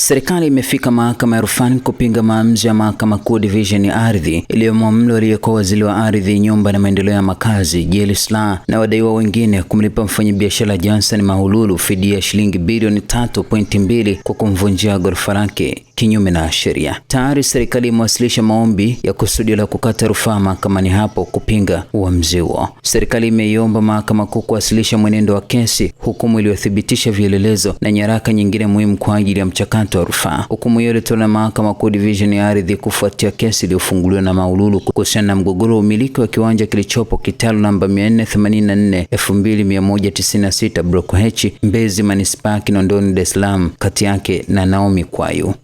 Serikali imefika mahakama ya rufani kupinga maamuzi ya mahakama kuu division ya ardhi iliyomwamuru aliyekuwa waziri wa ardhi, nyumba na maendeleo ya makazi Jeli Slaa na wadaiwa wengine kumlipa mfanyabiashara Johnson Mahululu fidia ya shilingi bilioni 3.2 kwa kumvunjia ghorofa lake kinyume na sheria. Tayari serikali imewasilisha maombi ya kusudio la kukata rufaa mahakamani hapo kupinga uamuzi huo. Serikali imeiomba mahakama kuu kuwasilisha mwenendo wa kesi, hukumu iliyothibitisha vielelezo na nyaraka nyingine muhimu kwa ajili ya mchakato wa rufaa. Hukumu hiyo ilitolewa na mahakama kuu division ya ardhi kufuatia kesi iliyofunguliwa na Maululu kuhusiana na mgogoro wa umiliki wa kiwanja kilichopo kitalo namba 484 2196 block H Mbezi manispaa Kinondoni Dar es Salaam kati yake na Naomi Kwayu.